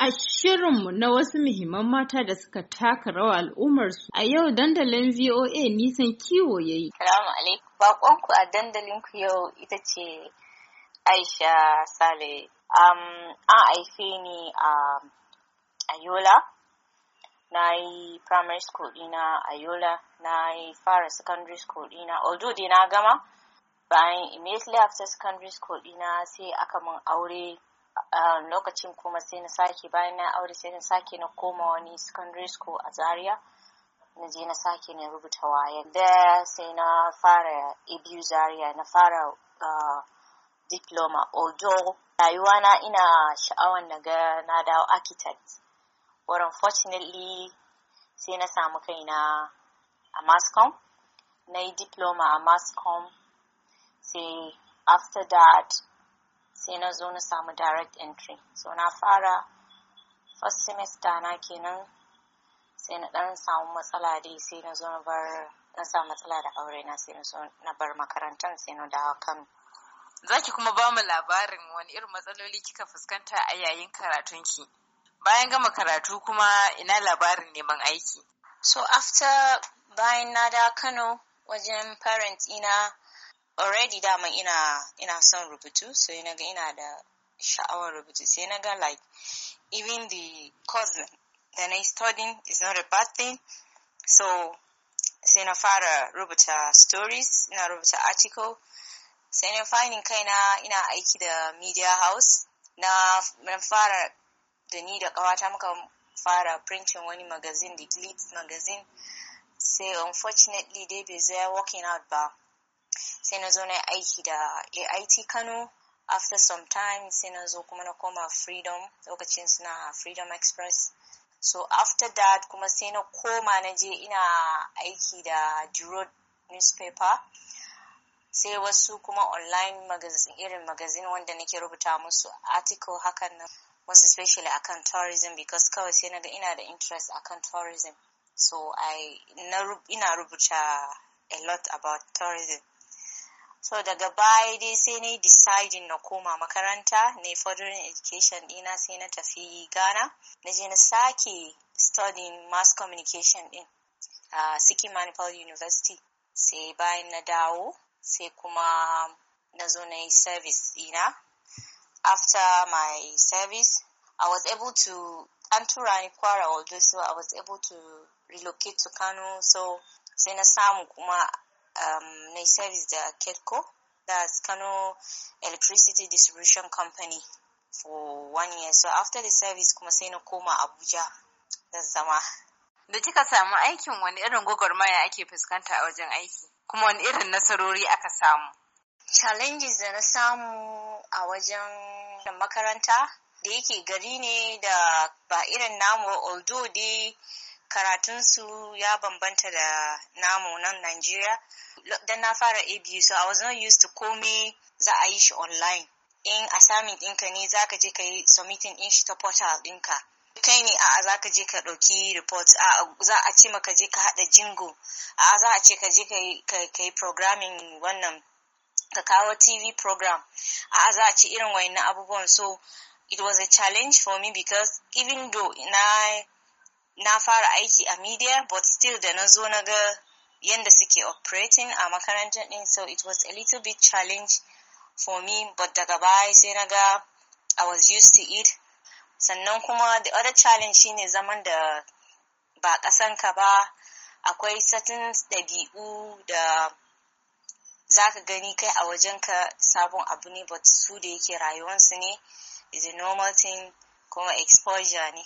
a shirinmu na wasu muhimman mata da suka taka rawa al'ummarsu a yau dandalin VOA nisan kiwo yayi. yi. Salamu alaikum, bakonku a dandalinku yau ita ce Aisha Sale. Um, an haife ni a Ayola, na yi primary school ina Ayola, na yi fara secondary school ina, although dai na gama, bayan immediately after secondary school ina sai aka mun aure lokacin kuma sai na sake bayan na aure sai na sake na koma wani secondary school a Zaria na je na sake na rubuta waya. da sai na fara ibu Zaria na fara diploma although rayuwa na ina sha'awan na ga na dawo architect but unfortunately sai na samu kaina a mascom na yi diploma a mascom sai after that sai na zo na samu direct entry so na fara first semester na kenan sai na dan samu matsala dai sai na zo na bar na samu matsala da aure na sai na zo na bar makarantar sai na dawo Kano zaki kuma ba mu labarin wani irin matsaloli kika fuskanta a yayin karatunki bayan gama karatu kuma ina labarin neman aiki so after bayan na da Kano wajen parent ina already dama ina ina son rubutu so ga ina da sha'awar rubutu sai na ga like even the cause da na studying is not a bad thing so sai na fara rubuta stories na rubuta article sai na kaina ina aiki da media house na, fara da ni da kawata muka fara printing wani magazine the glitz magazine sai unfortunately dai bai zo working out ba sai na zo na aiki da AIT Kano after some time sai na zo kuma na koma Freedom lokacin suna Freedom Express so after that kuma sai na koma na je ina aiki da Jurod newspaper sai wasu kuma online magazine irin magazine wanda nake rubuta musu article hakan nan wasu especially akan tourism because kawai sai naga ina da interest akan tourism so i ina rubuta a lot about tourism so daga baya dai sai na deciding na koma makaranta na furthering education dina sai na tafi ghana na je na sake studying mass communication din a siki manipal university sai bayan na dawo sai kuma na zo na yi service dina after my service i was able to an tura ni kwara although so i was able to relocate to kano so sai na samu kuma um, na service da KEDCO, that's Kano Electricity Distribution Company for one year. So after the service kuma sai na koma Abuja da zama. Da kika samu aikin wani irin gwagwarmaya ake fuskanta a wajen aiki, kuma wani irin nasarori aka samu? Challenges da na samu a wajen makaranta da yake gari ne da ba irin namu although dai Karatun su ya bambanta da namu nan Najeriya. Dan na fara ABU so I was not used to komai za a yi shi online. In assignment ɗinka ne za ka je ka yi submitting in shi ta portal ɗinka. Kai ne a'a za ka je ka ɗauki report a'a za a ce maka je ka haɗa jingo a'a za a ce ka je ka yi programming wannan ka kawo TV program a'a za a ce irin wayannan abubuwan so it was a challenge for me because even though na na fara aiki a media but still da na zo na ga yadda suke operating a makarantar din so it was a little bit challenge for me but daga baya sai na ga I was used to it sannan kuma the other challenge shine zaman da ba ka ba akwai certain ɗabi'u da za ka gani kai a wajenka sabon abu ne but su da yake rayuwarsu ne is a normal thing kuma exposure ne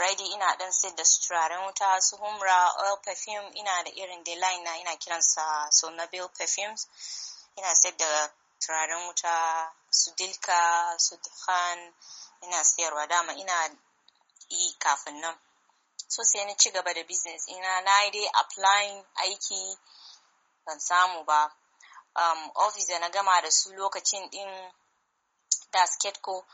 Ready ina dan sayar da su turaren wuta su humra oil perfume ina da irin da line na ina kiransa bill perfumes ina sayar da turaren wuta su dilka su dukhan ina sayarwa dama ina yi kafin nan so sai na ci gaba da business ina na dai applying aiki ban samu ba um, office da na gama da su lokacin din da skatco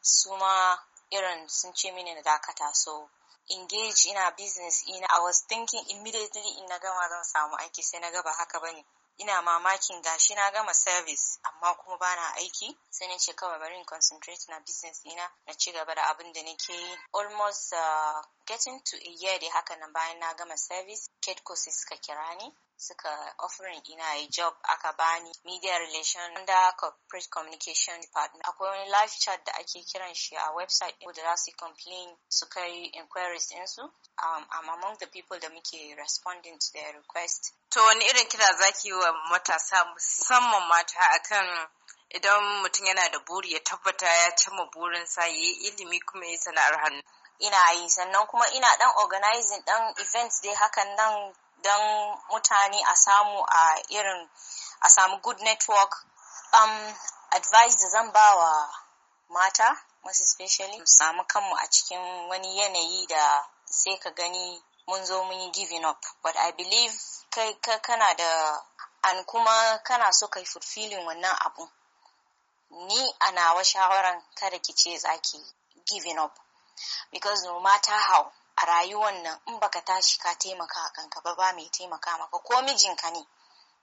su ma irin sun ce mini na dakata so engage ina business ina I was thinking immediately in na gama zan samu aiki sai na gaba haka bane ina mamakin gashi na gama service amma kuma bana aiki sai na ce kawai bari in concentrate na business ina na ci gaba da abin da nake yi almost uh, getting to a year da haka nan bayan na gama service Kate courses suka kira ni suka offering ina yi job aka bani media relation under corporate communication department akwai wani live chat da ake kiran shi a website da za su complain su kai inquiries ɗinsu um, among the people da muke responding to their request to wani irin kira zaki wa matasa musamman mata akan idan mutum yana da buri ya tabbata ya cimma burinsa ya yi ilimi kuma ya sana'ar hannu ina yi sannan kuma ina dan organizing dan events dai hakan nan don mutane a samu a irin a samu good network um, advice da zan bawa mata most especially mu samu kanmu a cikin wani yanayi da sai ka gani mun zo mun yi giving up but i believe kai ka kana da an kuma kana so kai fulfilling wannan abu ni a nawa shawaran kada ki ce zaki giving up because no matter how a rayuwan nan in baka tashi ka taimaka a kanka ba ba mai taimaka maka ko mijinka ne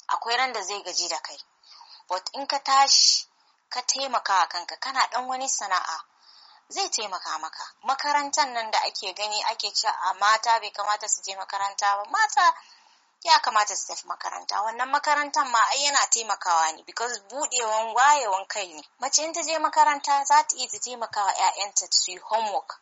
akwai ran da zai gaji da kai but in ka tashi ka taimaka a kanka kana dan wani sana'a zai taimaka maka makarantar nan da ake gani ake ce a mata bai kamata su je makaranta ba mata ya kamata su tafi makaranta wannan makarantar ma ai yana taimakawa ne because budewan wayewan kai ne mace in ta je makaranta za ta iya ta taimaka 'ya'yanta su yi homework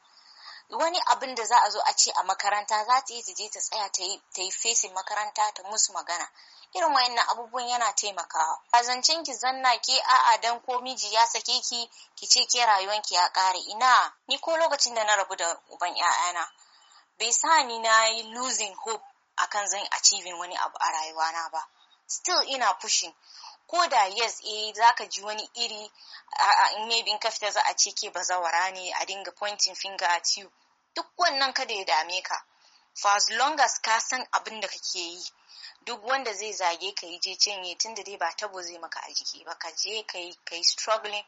wani abin da za a zo a ce a makaranta za ta yi je ta tsaya ta yi fesin makaranta ta musu magana irin wayannan abubuwan yana taimakawa a zancen ki zanna ke a'a dan ko miji ya sake ki ki ce ke ki ya ƙare. ina ni ko lokacin da na rabu da uban 'ya'yana bai sa ni na yi losing hope akan zan achieving wani abu a rayuwana ba still ina pushing ko da yes eh zaka ji wani iri maybe in ka fita za a ce ke bazawara ne a dinga pointing finger at you duk wannan kada ya dame ka for as long as ka san abin da kake yi duk wanda zai zage ka yi je cinye tunda dai ba tabo zai maka a jiki ba ka je ka yi struggling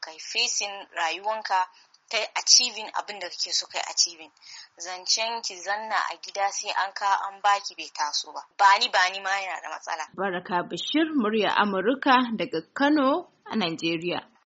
ka yi facing rayuwanka kai achieving abin da kake so kai achieving zancen ki zanna a gida sai an ka an baki bai taso ba bani bani ma yana da matsala baraka bashir murya amurka daga kano a najeriya